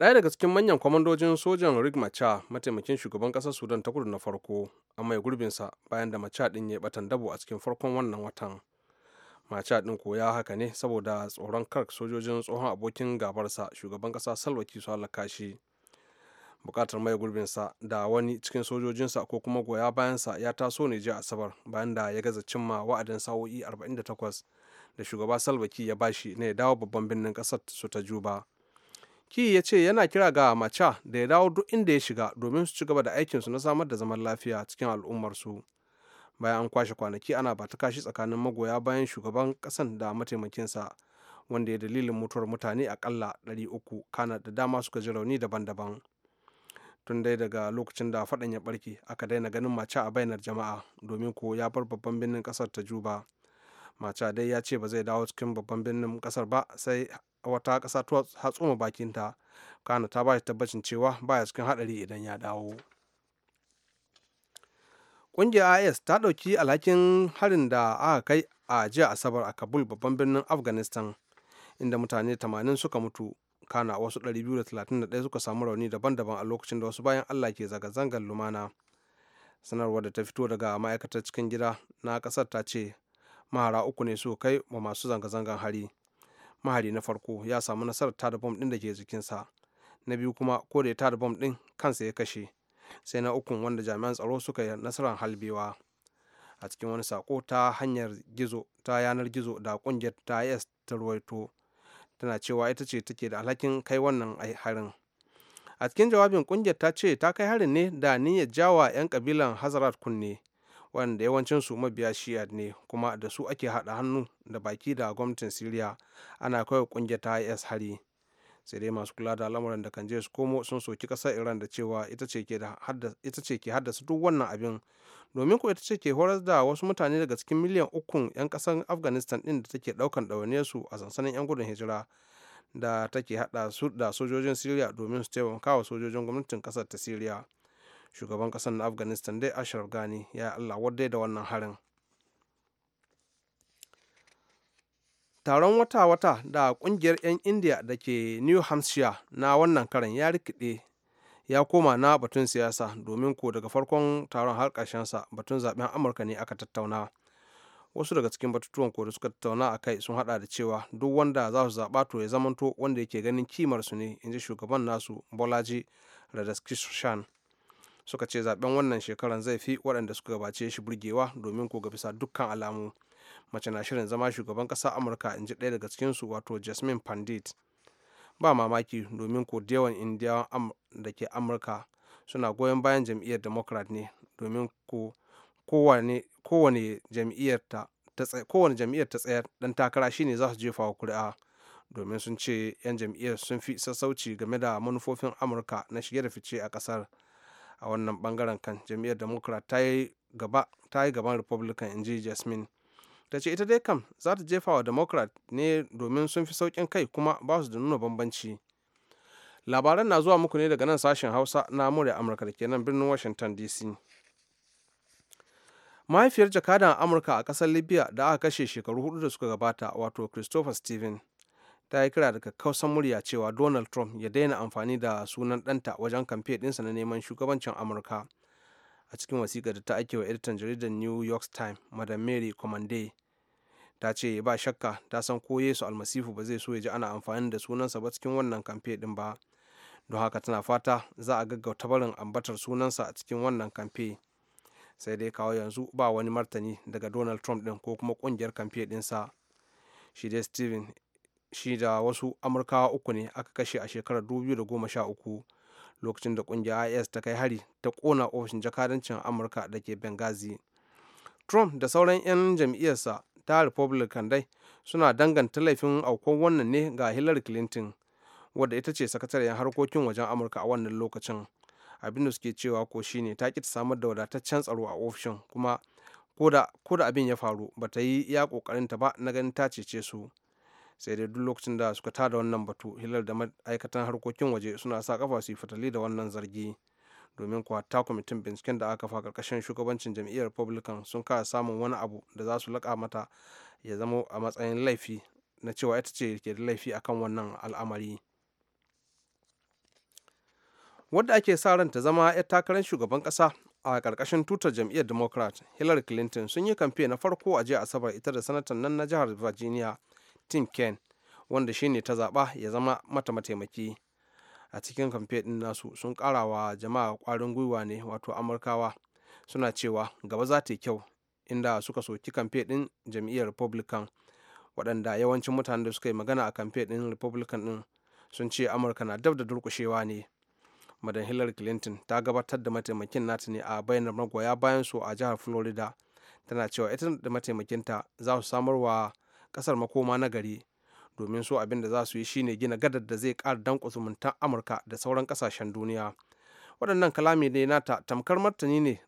ɗaya daga cikin manyan kwamandojin sojan rig macha mataimakin shugaban ƙasar sudan ta kudu na farko a mai gurbinsa bayan da macha ɗin ya batan dabo a cikin farkon wannan watan macha ɗin ko ya haka ne saboda tsoron kar sojojin tsohon abokin gabarsa shugaban ƙasa salwa su halaka shi bukatar mai gurbinsa da wani cikin sojojinsa ko kuma goya bayansa ya taso ne jiya asabar bayan da ya gaza cimma wa'adin sa'o'i 48 da shugaba salwaki ya bashi na ya dawo babban birnin ƙasar su ta juba Ki ya ce yana kira ga mace da ya dawo duk inda ya shiga domin su ci gaba da aikinsu na samar da zaman lafiya cikin al'ummarsu. Bayan an kwashe kwanaki ana ba ta kashi tsakanin magoya bayan shugaban kasan da mataimakinsa wanda ya dalilin mutuwar mutane akalla 300 kana da dama suka ji rauni daban-daban. tun dai daga lokacin da faɗan ya barke aka daina ganin mace a bainar jama'a domin ko ya bar babban birnin kasar ta juba mace dai ya ce ba zai dawo cikin babban birnin kasar ba sai wata ƙasa ta bakin bakinta kana ta ba shi tabbacin cewa baya cikin haɗari idan ya dawo ƙungiyar is ta ɗauki alhakin harin da aka kai a jiya asabar a kabul babban birnin afghanistan inda mutane 80 suka mutu kana wasu 231 suka samu rauni daban-daban a lokacin da wasu bayan allah ke zanga-zangar lumana sanarwar da ta fito daga ma'aikatar cikin gida na ƙasar ta ce mahara uku ne su kai wa masu zanga-zangar hari mahari na farko ya samu nasarar tada bom ɗin da ke jikinsa na biyu kuma ko da ya tada bom ɗin kansa ya kashe sai na ukun wanda jami'an tsaro suka yi nasarar halbewa a cikin wani sako ta hanyar gizo ta yanar gizo da kungiyar ta is ta ruwaito tana cewa ita ce take da alhakin kai wannan harin a cikin jawabin kungiyar ta ce ta kai harin ne da niyyar jawa 'yan kabilan hazarat kunne waɗanda su mabiya shi'a ne kuma da su ake haɗa hannu da baki da gwamnatin siriya ana kawai ƙungiyar ta is hari sai dai masu kula da lamarin da kan je su komo sun soki kasar iran da cewa ita ce ke haddasa duk wannan abin domin ko ita ce ke horar da wasu mutane daga cikin miliyan ukun 'yan kasar afghanistan ɗin da take ɗaukan ɗawaniyarsu a sansanin 'yan gudun hijira da take haɗa su da sojojin siriya domin su taimaka wa sojojin gwamnatin ƙasar ta siriya shugaban kasar na afghanistan dai ashraf gani ya allah wadai da wannan harin taron wata-wata da kungiyar 'yan india da ke new hampshire na wannan karin ya rikide ya koma na batun siyasa domin ko daga farkon taron har sa batun zaben amurka ne aka tattauna wasu daga cikin batutuwan ko da suka tattauna a kai sun hada da cewa duk wanda za su zaɓa to ya zamanto wanda yake ganin kimarsu ne in ji shugaban nasu bolaji radaskishan. suka ce zaben wannan shekaran zai fi waɗanda suka gabace shi burgewa domin ko ga bisa dukkan alamu mace na shirin zama shugaban ƙasa amurka in ji ɗaya daga cikinsu wato jasmine pandit ba mamaki domin ko da yawan indiyawan da ke amurka suna goyon bayan jam'iyyar democrat ne domin ko kowane jam'iyyar ta tsayar dan takara shine za su jefa wa kuri'a domin sun ce 'yan jam'iyyar sun fi sassauci game da manufofin amurka na shige da fice a kasar a wannan bangaren kan jam'iyyar democrat ta yi gaban republican inji jasmine ta ce ita dai kam za ta jefa wa democrat ne domin sun fi saukin kai kuma ba su da nuna bambanci labaran na zuwa muku ne daga nan sashen hausa na murya amurka da ke nan birnin washington dc mahaifiyar jakadan amurka a kasar libya da aka kashe shekaru hudu da suka gabata wato christopher steven ta yi kira daga kausan murya cewa donald trump ya daina amfani da sunan ɗanta wajen kamfe ɗinsa na neman shugabancin amurka a cikin wasiƙar da ta ake wa editan jaridar new york times madam mary commande ta ce ba shakka ta san ko yesu almasifu ba zai so ya ji ana amfani da sunansa ba cikin wannan kamfe ɗin ba don haka tana fata za a gaggauta barin ambatar sunansa a cikin wannan kamfe sai dai kawo yanzu ba wani martani daga donald trump ɗin ko kuma ƙungiyar kamfe ɗinsa shi dai steven shi da wasu amurkawa uku ne aka kashe a shekarar 2013 lokacin da kungiyar is ta kai hari ta kona ofishin jakadancin amurka da ke benghazi trump da sauran 'yan jam'iyyarsa ta republican dai suna danganta laifin aukon wannan ne ga hillary clinton wadda ita ce sakatariyar harkokin wajen amurka a wannan lokacin abin da suke cewa ko shine ta ki ta samar da wadataccen tsaro a ofishin kuma ko da abin ya faru ba ta yi iya kokarinta ba na ganin ta cece su sai dai duk lokacin da suka tada wannan batu hilar da ma'aikatan harkokin waje suna sa kafa su yi fatali da wannan zargi domin kuwa ta kwamitin binciken da aka fa karkashin shugabancin jam'iyyar republican sun kara samun wani abu da za su laƙa mata ya zama a matsayin laifi na cewa ita ce ke da laifi akan wannan al'amari wadda ake sa ran ta zama 'yar takarar shugaban kasa a karkashin tutar jam'iyyar democrat hillary clinton sun yi kamfe na farko a jiya asabar ita da sanatan nan na jihar virginia tim ken wanda shi ne ta zaba ya zama mata mataimaki a cikin kamfe ɗin nasu sun karawa wa jama'a ƙwarin gwiwa ne wato amurkawa suna cewa gaba za ta yi kyau inda suka soki kamfe ɗin jam'iyyar republican waɗanda yawancin mutanen da suka yi magana a kamfe ɗin republican ɗin sun ce amurka na dab da durƙushewa ne madan hillary clinton ta gabatar da mataimakin nata ne a bayanar magoya bayan su a jihar florida tana cewa ita da mataimakinta za su samar wa kasar makoma na gari domin so abin da za su yi shine gina gadar da zai kara danko zumuntan amurka da sauran kasashen duniya waɗannan kalami ne nata tamkar martani ne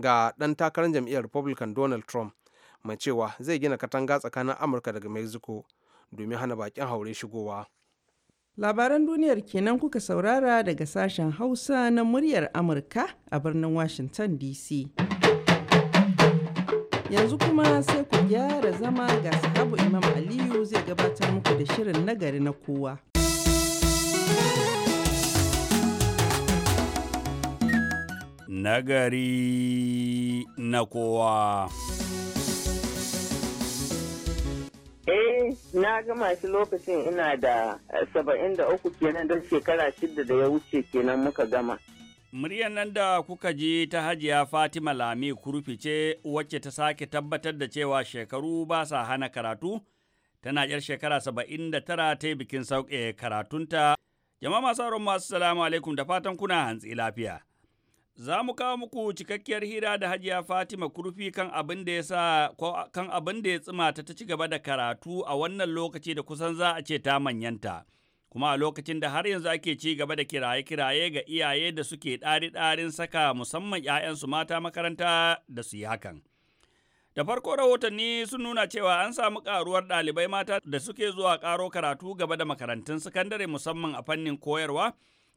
ga ɗan takarar jam'iyyar republican donald trump mai cewa zai gina katanga tsakanin amurka daga mexico domin hana bakin haure shigowa labaran duniyar kenan kuka saurara daga sashen hausa na muryar amurka a birnin washington dc Yanzu kuma sai ku gyara zama ga sahabu Imam Aliyu zai gabatar muku da shirin nagari na kowa. Nagari na kowa. Eh, na gama shi lokacin ina da saba'in da uku kenan don shekara shida da ya wuce kenan muka gama. Muryar nan da kuka ji ta hajiya Fatima Lami kurfi ce wacce ta sake tabbatar da cewa shekaru ba sa hana karatu, tana yar shekara saba'in da tara ta yi bikin sauƙe karatunta. Jama'a masu auren masu salamu alaikum da fatan kuna hantsi lafiya. Za mu kawo muku cikakkiyar hira da hajiya Fatima kurfi kan abin da ya sa kan tsima ta ci gaba da karatu a wannan lokaci da kusan za a ce ta manyanta. kuma a lokacin da har yanzu ake ci gaba da kiraye-kiraye ga iyaye da suke ɗari-ɗarin saka musamman 'ya'yansu mata makaranta da su yi hakan. Da farko rahotanni sun nuna cewa an samu karuwar ɗalibai mata da suke zuwa ƙaro karatu gaba da makarantun sakandare musamman a fannin koyarwa,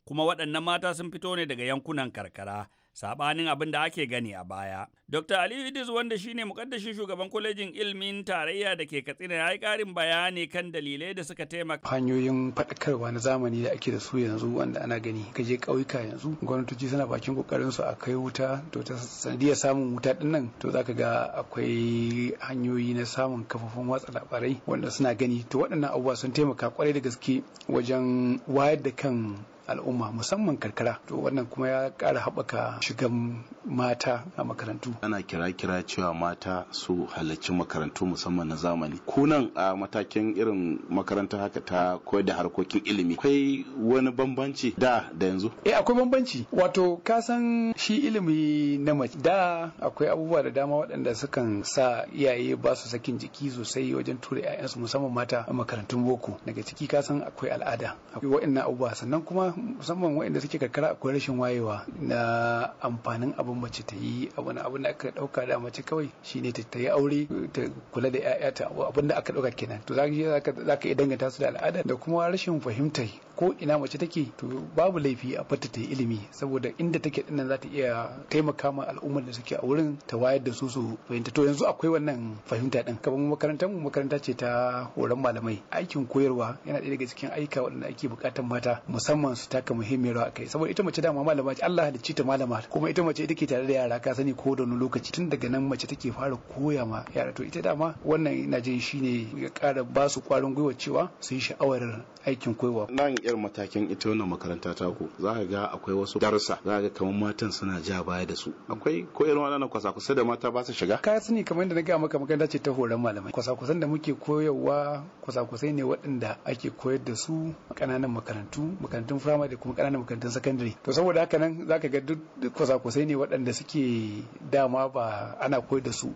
kuma waɗannan mata sun fito ne daga yankunan karkara. sabanin abin da ake gani a baya. Dr. Ali Idris wanda shi ne mukaddashin shugaban kwalejin ilimin tarayya da ke Katsina ya yi karin bayani kan dalilai da suka taimaka. Hanyoyin faɗakarwa na zamani da ake da su yanzu wanda ana gani ka je ƙauyuka yanzu gwamnatoci suna bakin kokarin su a kai wuta to ta sanadiyar samun wuta din nan to zaka ga akwai hanyoyi na samun kafofin watsa labarai wanda suna gani to waɗannan abubuwa sun taimaka kwarai da gaske wajen wayar da kan al'umma musamman karkara to wannan kuma ya kara haɓaka shigan mata a makarantu ana kira kira cewa mata su halarci makarantu musamman na zamani kunan a matakin irin makaranta haka ta koyar da harkokin ilimi akwai wani bambanci da da yanzu eh akwai bambanci wato ka san shi ilimi na mace da akwai abubuwa da dama waɗanda sukan sa iyaye ba su sakin jiki sosai wajen tura 'ya'yansu musamman mata a makarantun boko daga ciki ka san akwai al'ada akwai waɗannan abubuwa sannan kuma musamman waɗanda suke karkara akwai rashin wayewa na amfanin abin mace ta yi abin abin da aka ɗauka da mace kawai shine ta yi aure ta kula da 'ya'ya ta abin da aka ɗauka kenan to za ka iya danganta su da al'ada da kuma rashin fahimtar ko ina mace take to babu laifi a fata ta yi ilimi saboda inda take nan za ta iya taimaka ma al'ummar da suke a wurin ta wayar da su su fahimta to yanzu akwai wannan fahimta din kamar makarantar mu makaranta ce ta horon malamai aikin koyarwa yana ɗaya daga cikin aika waɗanda ake buƙatar mata musamman su taka muhimmiyar rawa kai saboda ita mace dama malama ce Allah halicci ta malama kuma ita mace take tare da yara ka sani ko da wani lokaci tun daga nan mace take fara koya ma yara to ita dama wannan ina jin shine ya kara ba su kwarin gwiwa cewa su yi sha'awar aikin koyarwa nan irin matakin ita wannan makaranta ta ku za ka ga akwai wasu darussa za ka ga kamar matan suna ja baya da su akwai koyarwa na kwasa-kwasa da mata ba su shiga ka sani kamar yadda na ga maka makaranta ce ta horon malamai kwasa-kwasan da muke koyarwa kwasa-kwasai ne waɗanda ake koyar da su ƙananan makarantu makarantun firamare da kuma ƙananan makarantun sakandare to saboda haka nan za ka ga duk kwasa-kwasai ne waɗanda suke dama ba ana koyar da su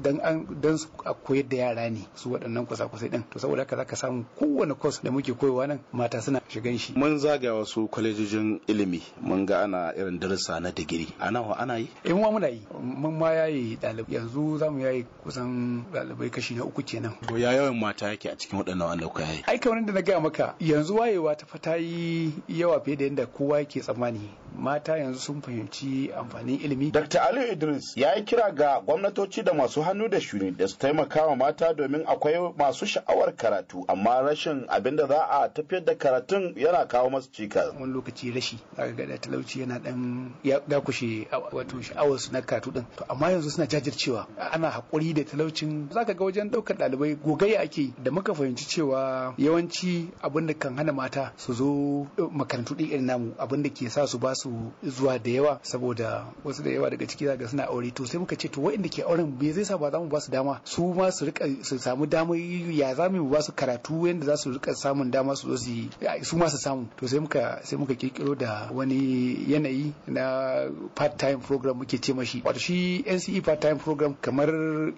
dan a koyar da yara ne su waɗannan kwasa-kwasai ɗin to saboda haka za ka samu kowane kwas da muke koyawa nan mata suna shigan shi mun zaga wasu kwalejojin ilimi mun ga ana irin darussa na digiri ana wa ana yi eh mu muna yi mun ma yayi dalibai yanzu zamu yayi kusan dalibai kashi na uku kenan to ya yawan mata yake a cikin waɗannan wanda kuka yayi ai kamar da na gaya maka yanzu wayewa ta fata yi yawa fiye da yadda kowa yake tsammani mata yanzu sun fahimci amfanin ilimi Dr. Ali Idris ya yi kira ga gwamnatoci da masu hannu da shuni da su taimaka wa mata domin akwai masu sha'awar karatu amma rashin abin da za a tafiyar da karatun yana kawo masu cika wani lokaci rashi zaka ga talauci yana dan ya dakushe wato sha'awar su na karatu din to amma yanzu suna jajircewa ana hakuri da talaucin zaka ga wajen daukar dalibai gogayya ake da muka fahimci cewa yawanci abin da kan hana mata su zo eh, makarantu din irin namu abin da ke sa su ba su zuwa da yawa saboda wasu da yawa daga ciki zaka suna aure to sai muka ce to waɗanda ke auren me zai sa ba za mu ba su dama su ma su rika su samu damar ya za mu ba su karatu yanda za su rika sa. samun dama su zo su yi su ma samu to sai muka sai muka kirkiro da wani yanayi na part time program muke ce mashi wato shi NCE part time program kamar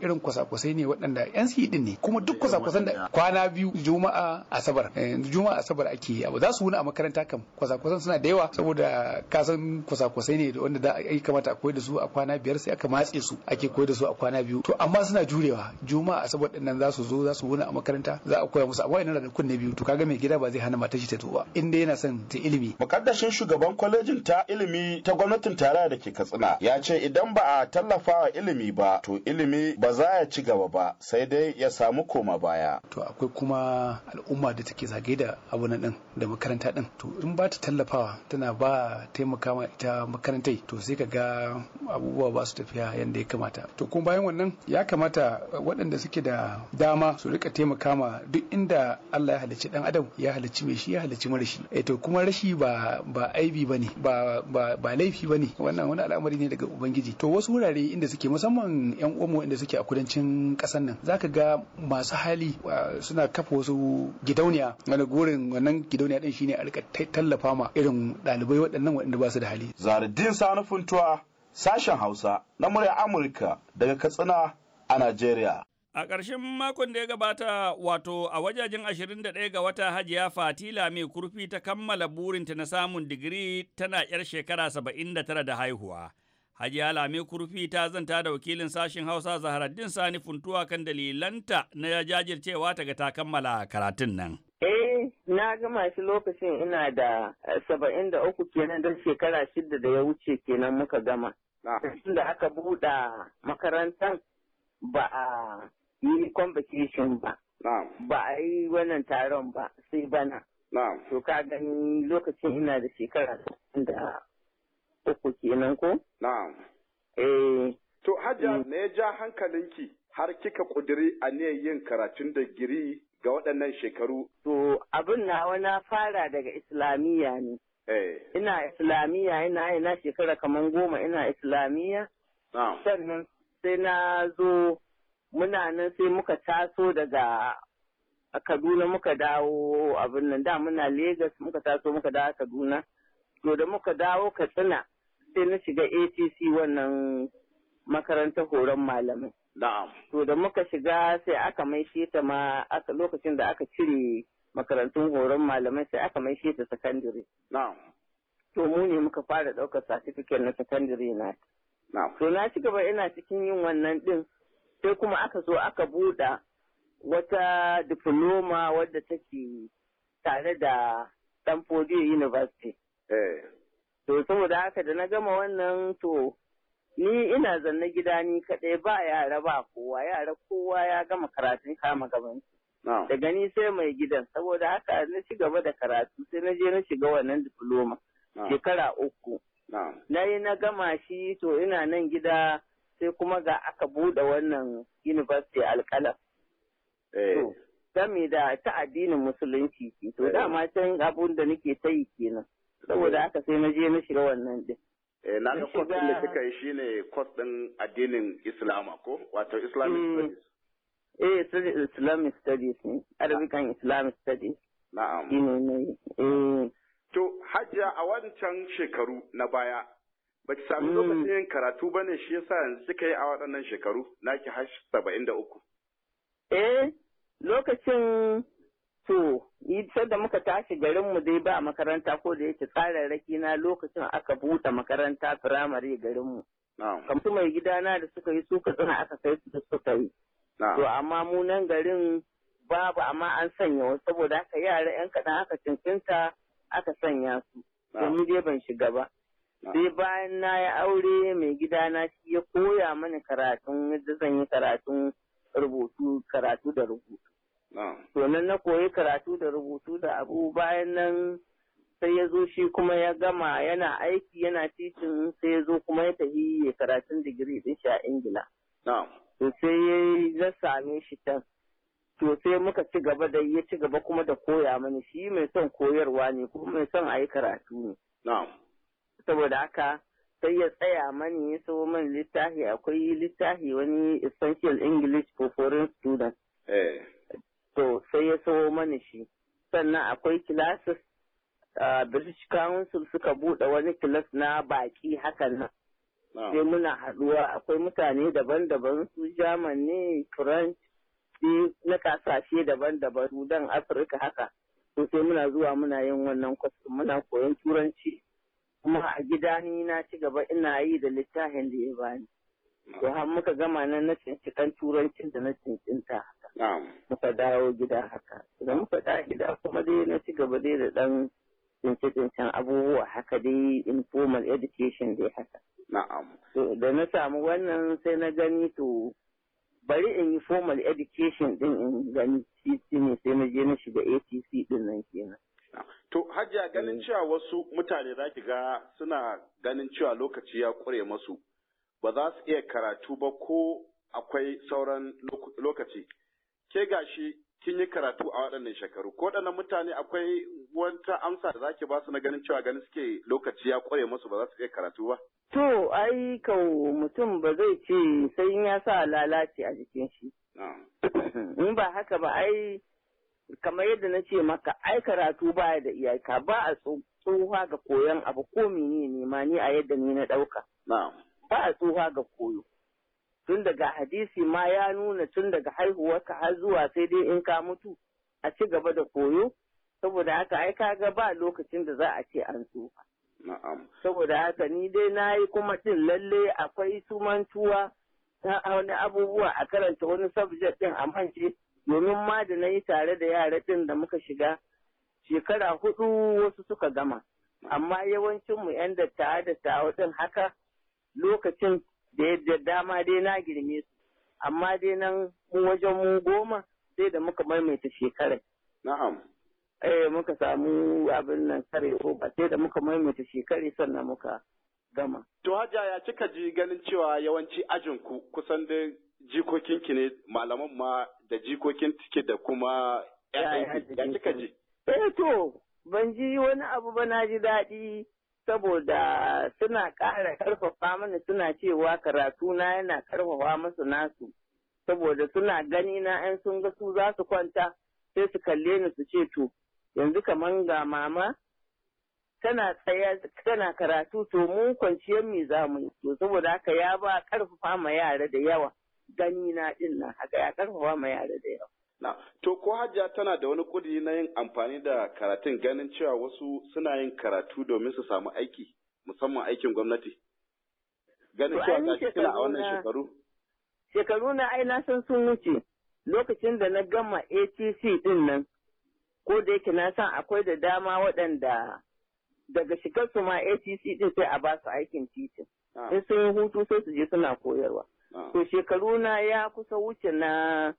irin kwasa-kwasai ne waɗanda NCE din ne kuma duk kwasa-kwasan da kwana biyu juma'a asabar juma'a asabar ake yi abu za su wuni a makaranta kam kwasa-kwasan suna da yawa saboda kasan kwasa-kwasai ne da wanda da ai kamata a koyar da su a kwana biyar sai aka matse su ake koyar da su a kwana biyu to amma suna jurewa juma'a asabar din nan za su zo za su wuni a makaranta za a koya musu amma wa'annan da kunne biyu to kaga mai gida ba zai hana matar shi ta tuba in dai yana son ta ilimi mukaddashin shugaban kwalejin ta ilimi ta gwamnatin tarayya da ke Katsina ya ce idan ba a tallafa wa ilimi ba to ilimi ba za ya ci gaba ba sai dai ya samu koma baya to akwai kuma al'umma da take zage da abu na din da makaranta din to in ba ta tallafawa tana ba taimaka ma ita makarantai to sai ka ga abubuwa ba su tafiya yadda ya kamata to kuma bayan wannan ya kamata waɗanda suke da dama su rika taimaka ma duk inda Allah ya halicci halicci dan adam ya halicci mai shi ya halicci mara shi eh to kuma rashi ba ba aibi bane ba ba ba laifi bane wannan wani al'amari ne daga ubangiji to wasu wurare inda suke musamman yan uwanmu inda suke a kudancin kasan nan zaka ga masu hali suna kafa wasu gidauniya wani gurin wannan gidauniya din shine a rika tallafa ma irin dalibai waɗannan waɗanda ba su da hali zaradin sanufuntuwa sashen hausa na murya amurka daga katsina a nigeria. A ƙarshen makon da ya gabata wato a wajajen 21 ga wata hajiya Fatila mai kurfi ta kammala burinta na samun digiri tana 'yar shekara 79 da haihuwa. Hajiya lami Kurfi ta zanta da wakilin sashen Hausa Zaharaddin Sani Funtuwa kan dalilanta na jajircewa ta ga ta kammala karatun nan. Eh, na gama shi lokacin ina da saba'in da uku kenan don shekara shida da ya wuce kenan muka gama. Lokacin da aka buɗa makarantar ba a yi convocation ba. Ba a yi wannan taron ba sai bana. To ka gani lokacin ina da shekara da uku kenan ko? Eh. To hajja mm. me ya ja hankalinki har kika kudiri a yin karatun da giri ga waɗannan shekaru? To abin nawa na fara daga islamiyya ne. Eh. Ina islamiyya ina yana shekara kamar goma ina islamiyya. Sannan sai na zo muna nan sai muka taso daga a Kaduna muka dawo abin nan da muna Legas muka taso muka dawo Kaduna to da muka dawo Katsina sai na shiga ATC wannan makarantar horon malamai na'am to da muka shiga sai aka maishe ta ma aka lokacin da aka cire makarantun horon malamai sai aka maishe ta sakandare na'am to mu ne muka fara ɗaukar certificate na sakandare na na'am to na shiga ba ina cikin yin wannan din sai kuma aka zo aka buɗa wata diploma wadda take tare da Stanford University. Eh. To saboda haka da na gama wannan to ni ina zanne gida ni kaɗai ba yara ba kowa yara kowa ya gama karatun kama gaban Da gani sai mai gidan saboda haka na ci gaba da karatu sai na je na shiga wannan diploma shekara uku. Na yi na gama shi to ina nan gida sai kuma ga aka buɗe wannan university alƙalam. Eh. Game da ta addinin musulunci ce, to eh. dama can abun da nake ta yi kenan. Saboda eh. aka sai na je na shiga wannan ɗin. Eh, na ga kwas ɗin da kika yi shi ne kwas ɗin addinin Islama ko? Wato Islamic mm. Studies. Eh, Islamic Studies ne, Arabican Islamic Studies. Na'am. Eh. To, hajja a wancan shekaru na baya, Ba ki sami hmm. lokacin karatu ba ne shi yasa yanzu kika yi a waɗannan shekaru naki hash saba'in da uku. Eh, lokacin to ni da muka tashi garin mu dai ba makaranta ko da yake tsararraki na lokacin aka buɗe makaranta firamare garin mu. Kamtu mai gidana da suka yi suka tsina aka kai su da suka yi. To amma mu nan garin babu amma an sanya wasu saboda haka yara 'yan kaɗan aka cincinta aka sanya su. Domin dai ban shiga ba. sai bayan na ya aure mai gida na shi ya koya mani karatun yadda zan yi karatun rubutu karatu da rubutu to nan na koyi karatu da rubutu da abu bayan nan sai ya zo shi kuma ya gama yana aiki yana titin sai ya zo kuma ya tafi ya karatun digiri din shi a ingila to sai ya same shi can to sai muka ci gaba da ya ci gaba kuma da koya mani shi mai son koyarwa ne kuma mai son a yi karatu ne saboda haka sai ya tsaya mani ya so man littafi akwai littafi wani essential english for foreign students eh. to sai ya so mani shi sannan akwai classes british council suka buɗe wani class na baki haka nan ah. sai muna haɗuwa akwai mutane daban-daban su german ne french na kasashe daban-daban sudan afirka haka sai muna zuwa muna yin wannan kwas muna koyon turanci kuma a gida ni na ci gaba ina yi da littafin da ya bani to har muka gama nan na cincikan turancin da na cincinta haka muka dawo gida haka da muka da gida kuma dai na ci gaba dai da dan cince-cincen abubuwa haka dai informal education dai haka na'am da na samu wannan sai na gani to bari in yi formal education din in gani ne sai na je na shiga ATC din nan kenan To Hajiya ganin cewa wasu mutane za ki ga suna ganin cewa lokaci ya ƙure masu ba za su iya karatu ba ko akwai sauran lokaci. Ke gashi kin yi karatu a waɗannan shekaru ko waɗannan mutane akwai wata amsa da za ki ba su na ganin cewa ganin suke lokaci ya ƙure masu ba za su iya karatu ba. To ai kau mutum ba zai ce sai ya sa lalace a jikin shi. In ba haka ba ai kamar yadda na ce maka ai karatu baya da iyaka ba a tsohuwa ga koyon abu ko mene ne ma ni a yadda ni na ɗauka. Ba a tsohuwa ga koyo. Tun daga hadisi ma ya nuna tun daga ka har zuwa sai dai in ka mutu a ci gaba da koyo. Saboda haka ai kaga ba lokacin da za a ce an tsufa. Saboda haka ni dai na yi kuma ɗin lalle akwai sumantuwa ta wani abubuwa a karanta wani subject ɗin a manje domin ma da na yi tare da yara ɗin da muka shiga shekara hudu wasu suka gama amma yawancinmu 'yan dattawa dattawa ɗin haka lokacin da yadda dama dai na girme su amma dai nan wajen mu goma sai da muka maimaita shekarar. Na'am. Eh muka samu abin nan kare ba sai da muka maimaita shekari sannan muka gama. To hajiya ya cika ji ganin cewa yawanci ajinku kusan dai jikokinki ne malaman ma da jikokin tike da kuma ya kika ji? Eh to, ban ji wani abu ba na ji daɗi saboda suna ƙara karfafa mana suna cewa karatu na yana karfafa masu nasu. Saboda suna gani na ‘yan sun ga su za su kwanta sai su kalle ni su ce to, yanzu kaman ga mama tana tsaya tana karatu to mun kwanciyar me za mu yi to saboda haka ya ba karfafa ma yara da yawa. gani na din nan haka ya karfafa ma yara da yawa. Na, to ko hajja tana da wani kudi na yin amfani da karatun ganin cewa wasu suna yin karatu domin su samu aiki musamman aikin gwamnati. Ganin cewa ga kina a wannan shekaru. Shekaru na ai na san sun wuce lokacin da na gama ATC din nan ko da yake na san akwai da dama waɗanda daga shigar su ma ATC din sai a ba su aikin titin. Ah. In sun hutu sai su je suna koyarwa. to ah. shekaru na ya kusa wuce na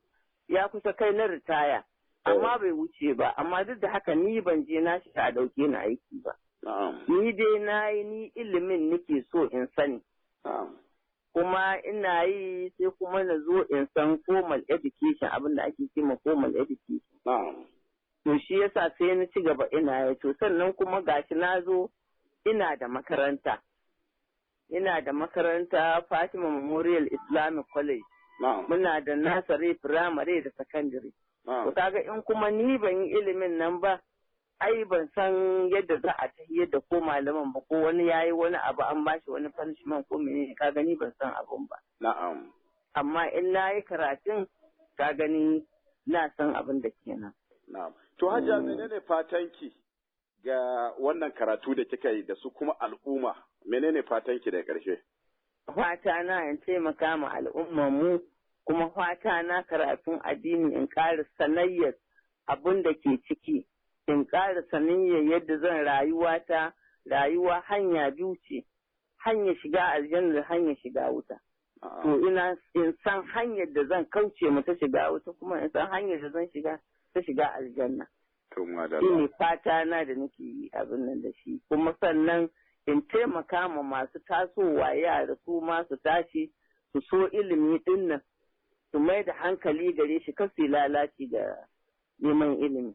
ya kusa kai na ritaya eh. amma bai wuce ba amma duk da haka ni ban je na shi a dauke na aiki ba ni dai na yi ni ilimin nake so in sani kuma ina yi sai kuma na zo in san formal education abinda ake kima formal education to shi yasa sai na ci gaba ina yi to sannan kuma gashi na zo ina da makaranta ina da makaranta Fatima Memorial Islamic College. Muna da nasari firamare da sakandare. To kaga in kuma ni ban yi ilimin nan ba, ai ban san yadda za a ta yadda ko malaman ba ko wani ya yi wani abu an bashi wani punishment ko menene ka gani ban san abun ba. Na'am. Amma in na yi karatun ka gani na san abin da nan. Na'am. To ne menene fatanki ga wannan karatu da kika yi da su kuma al'umma menene fatan ki da ƙarshe? Fata na in taimaka ma al'ummar mu kuma fata na karatun addini in ƙara sanayyar abin da ke ciki in ƙara sanayyar yadda zan rayuwa ta rayuwa hanya biyu ce hanya shiga aljanna da hanya shiga wuta. To ah. ina in san hanyar da zan kauce mu ta shiga wuta kuma in san hanyar da zan shiga ta shiga aljanna. To fata na da nake yi abin nan da shi kuma sannan in taimaka ma masu tasowa yara su ma su tashi su so ilimi dinnan su mai da hankali gare shi kasi lalaci da neman ilimi.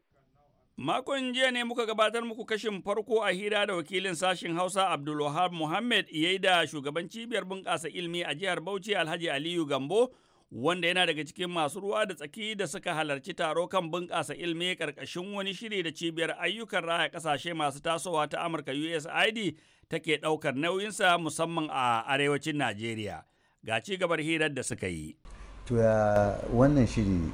Makon jiya ne muka gabatar muku kashin farko a hira da wakilin sashen Hausa Abdulwahab Muhammad yayi da shugaban cibiyar bunƙasa ilimi a jihar Bauchi Alhaji Aliyu Gambo wanda yana daga cikin masu ruwa da tsaki da suka halarci taro kan bunƙasa ilimi ƙarƙashin wani shiri da cibiyar ayyukan raya ƙasashe masu tasowa ta Amurka USAID take ɗaukar nauyinsa musamman a arewacin Najeriya. Ga ci gabar hirar da suka yi. To wannan shiri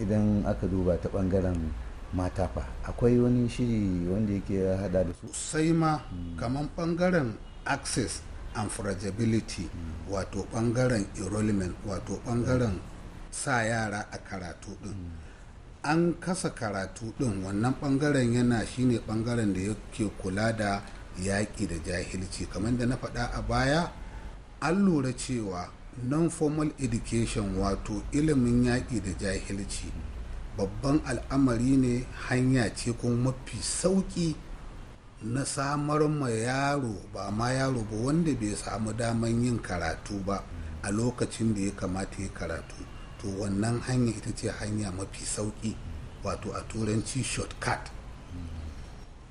idan aka duba ta ɓangaren mata fa akwai wani shiri wanda yake hada da su. Sai ma kamar ɓangaren access mm. wato bangaren enrollment wato bangaren sa yara a karatu din an kasa karatu din wannan bangaren yana shine bangaren da yake kula da yaƙi da jahilci kamar da na faɗa a baya an lura cewa non-formal education wato ilimin yaƙi da jahilci babban al'amari ne hanya ce kuma mafi sauƙi na samar ma yaro ba ma yaro ba wanda bai samu daman yin karatu ba a lokacin da ya kamata ya karatu to wannan hanya ita ce hanya mafi sauki wato a turanci shortcut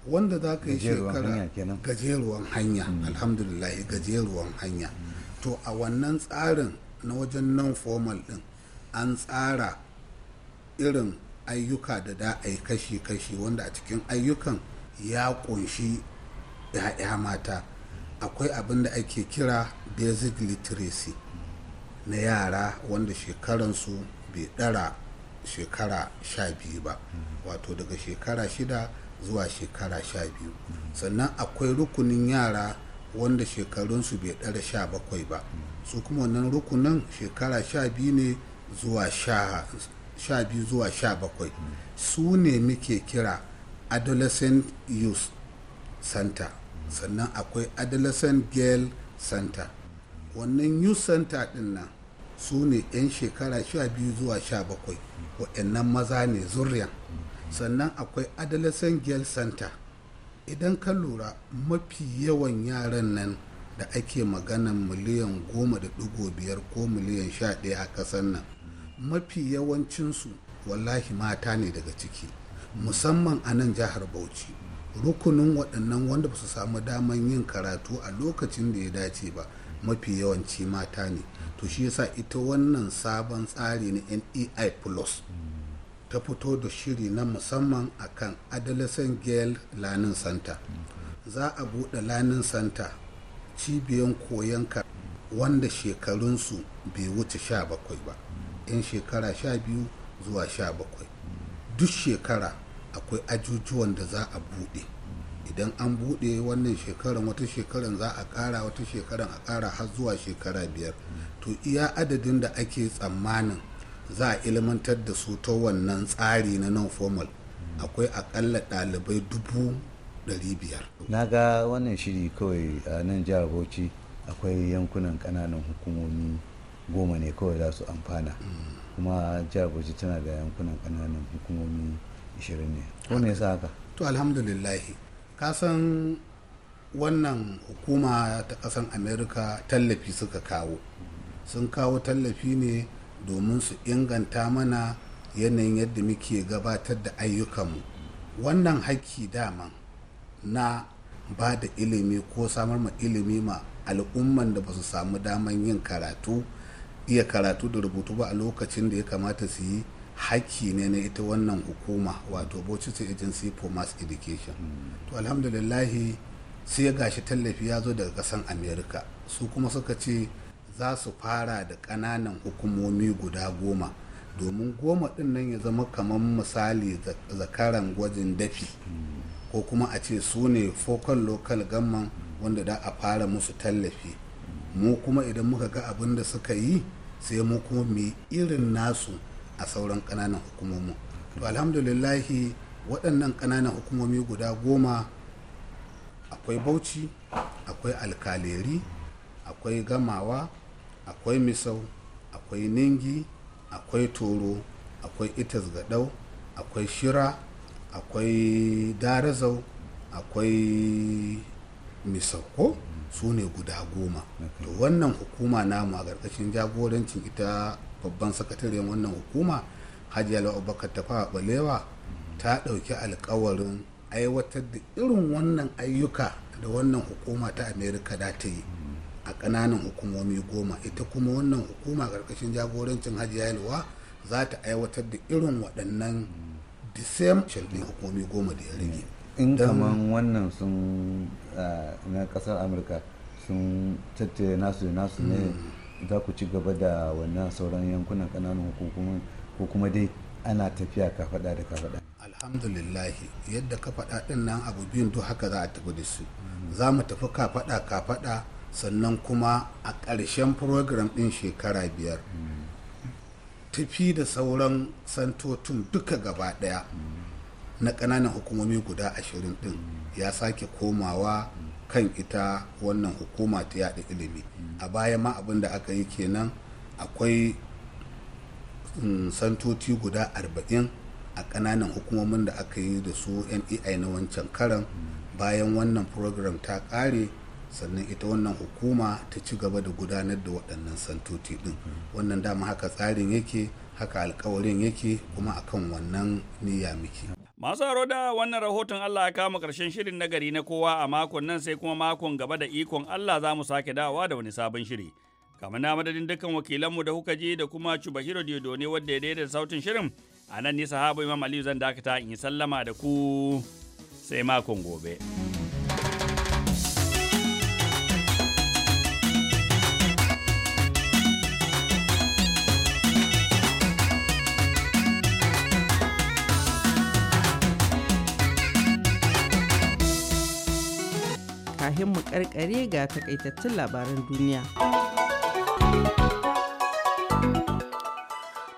wanda za ka yi shekara gajeruwan hanya mm. alhamdulillah gajeruwan hanya mm. to a wannan tsarin na wajen non formal din an tsara irin ayyuka da da a yi kashi-kashi wanda a cikin ayyukan ya kunshi 'ya'ya mata akwai abin da ake kira basic literacy na yara wanda shekaransu bai dara shekara sha biyu ba wato daga shekara shida zuwa shekara sha biyu sannan akwai rukunin yara wanda shekarunsu bai dara sha bakwai ba su kuma wannan rukunin shekara sha biyu ne zuwa sha biyu zuwa sha bakwai su ne muke kira adolescent youth center sannan akwai adolescent girl center wannan youth center din nan su ne 'yan shekara 12 zuwa 17 waɗannan maza ne zurriyan sannan akwai adolescent girl center idan ka lura mafi yawan yaran nan da ake magana miliyan 10.5 ko miliyan 11 a kasan nan mafi yawancinsu wallahi mata ne daga ciki musamman a nan jihar bauchi rukunin waɗannan wanda ba su samu daman yin karatu a lokacin da ya dace ba mafi yawanci mata ne to shi yasa ita wannan sabon tsari na nei plus ta fito da shiri na musamman akan adolescent girl learning center za a buɗe learning center cibiyan koyon ka wanda shekarunsu bai wuce 17 ba 'yan shekara 12 zuwa 17 duk shekara akwai ajujuwan da za a buɗe idan an buɗe wannan shekaran wata shekaran za a ƙara wata shekaran a ƙara har zuwa shekara biyar to iya adadin da ake tsammanin za a ilmantar da su ta wannan tsari na non formal akwai aƙalla ɗalibai dubu ɗari biyar na ga wannan shiri kawai a nan jihar bauchi akwai yankunan ƙananan hukumomi goma ne kawai za su amfana mm. kuma jihar bauchi tana da yankunan kananan hukumomi 20 ne ko me yasa haka to alhamdulillah ka san wannan hukuma ta kasan america tallafi suka kawo sun kawo tallafi ne domin su inganta mana yanayin yadda muke gabatar da ayyukanmu wannan haƙƙi dama na ba da ilimi ko samar ma ilimi ma al'umman da ba su samu daman yin karatu iya karatu da rubutu ba a lokacin da ya kamata su yi haƙƙi ne na ita wannan hukuma wato bocicin Agency for Mass Education. To alhamdulillahi sai ya gashi tallafi ya zo daga ƙasan Amerika su kuma suka ce za su fara da ƙananan hukumomi guda goma domin goma ɗin nan ya zama kamar misali zakaran gwajin dafi ko kuma a ce su ne focal local gamman wanda da a fara musu tallafi mu kuma idan muka ga abin da suka yi sai mu kuma mu irin nasu a sauran ƙananan hukumomi to alhamdulillahi waɗannan ƙananan hukumomi guda goma akwai bauchi akwai alkaleri akwai gamawa akwai misau akwai ningi akwai toro akwai itas gadau akwai shira akwai darazau akwai misau ko su ne guda goma to wannan hukuma namu a ƙarƙashin jagorancin ita babban sakataren wannan hukuma hajiya abubakar tafawa balewa ta ɗauki alkawarin aiwatar da irin wannan ayyuka da wannan hukuma ta amerika da ta yi a ƙananan hukumomi goma ita kuma wannan hukuma ƙarƙashin jagorancin hajji yalwa za ta aiwatar da irin waɗannan the same hukumomi goma da ya rage in kaman wannan sun na kasar amurka sun tattare nasu da nasu ne mm. za ku ci gaba da wannan sauran yankunan kananan hukumomin ko kuma dai ana tafiya ka faɗa da ka faɗa alhamdulillahi yadda ka faɗa ɗin nan abu biyun to haka za a tafi da su mm. za mu tafi ka faɗa ka faɗa sannan kuma a karshen program ɗin shekara biyar mm. tafi da sauran santotun duka gaba ɗaya na ƙananan hukumomi guda ashirin din ya sake komawa kan ita wannan hukuma ta yaɗa ilimi a baya ma abin da aka yi kenan akwai mm, santoti guda arba'in a ƙananan hukumomin da aka yi da su nei na wancan karan bayan wannan program ta ƙare sannan ita wannan hukuma ta ci gaba da gudanar da waɗannan santoti ɗin wannan dama haka tsarin yake haka alkawarin yake kuma akan wannan niyya muke Masu haro da wannan rahoton Allah ya kama ƙarshen shirin nagari na kowa a makon nan sai kuma makon gaba da ikon Allah za mu sake dawa da wani sabon shiri. Kamar na madadin dukkan wakilanmu da kuka ji da kuma Chubahiro Diodo ne wadda ya daidaita sautin shirin a nan ne sahabu Imam Aliyu zan dakata in yi sallama da ku sai makon gobe. kahin mu karkare ga takaitattun labaran duniya.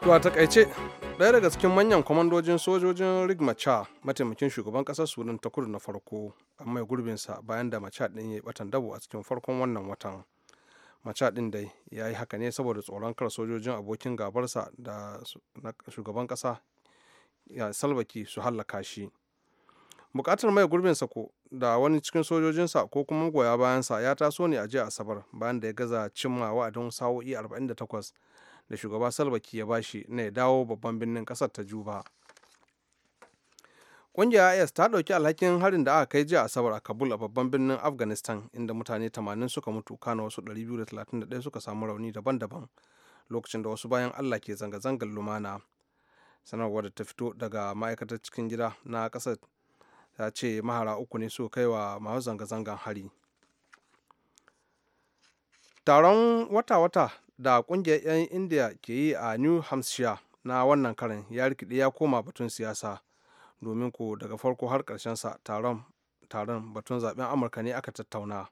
To a takaice ɗaya daga cikin manyan kwamandojin sojojin Rig Macha, mataimakin shugaban ƙasar Sudan ta kudu na farko an mai sa bayan da Machar ɗin ya yi batan dabo a cikin farkon wannan watan. Machar ɗin dai ya yi haka ne saboda tsoron kar sojojin abokin gabarsa da shugaban ƙasa salbaki su hallaka shi. bukatar mai sa gurbinsa da wani cikin sojojinsa ko kuma magoya bayansa ya taso ne a jiya asabar bayan da ya gaza cimma wa'adin sa'o'i 48 da shugaba salbaki ya bashi na ya dawo babban birnin kasar ta juba ƙungiyar is ta dauki alhakin harin da aka kai jiya asabar a kabul a babban birnin afghanistan inda mutane 80 suka mutu kana wasu 231 suka samu rauni daban-daban lokacin da wasu bayan allah ke zanga-zangar lumana sanarwar da ta fito daga ma'aikatar cikin gida na kasar ta ce mahara uku ne su kai wa masu zanga-zangan hari taron wata-wata da kungiyar 'yan india ke yi a new hampshire na wannan karin ya rikide ya koma batun siyasa domin ko daga farko har sa taron batun zaben amurka ne aka tattauna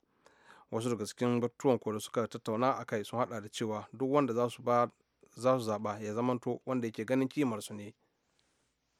wasu daga cikin batuwan ko da suka tattauna a kai sun hada da cewa duk wanda za su zaɓa ya zamanto wanda yake ganin kimarsu ne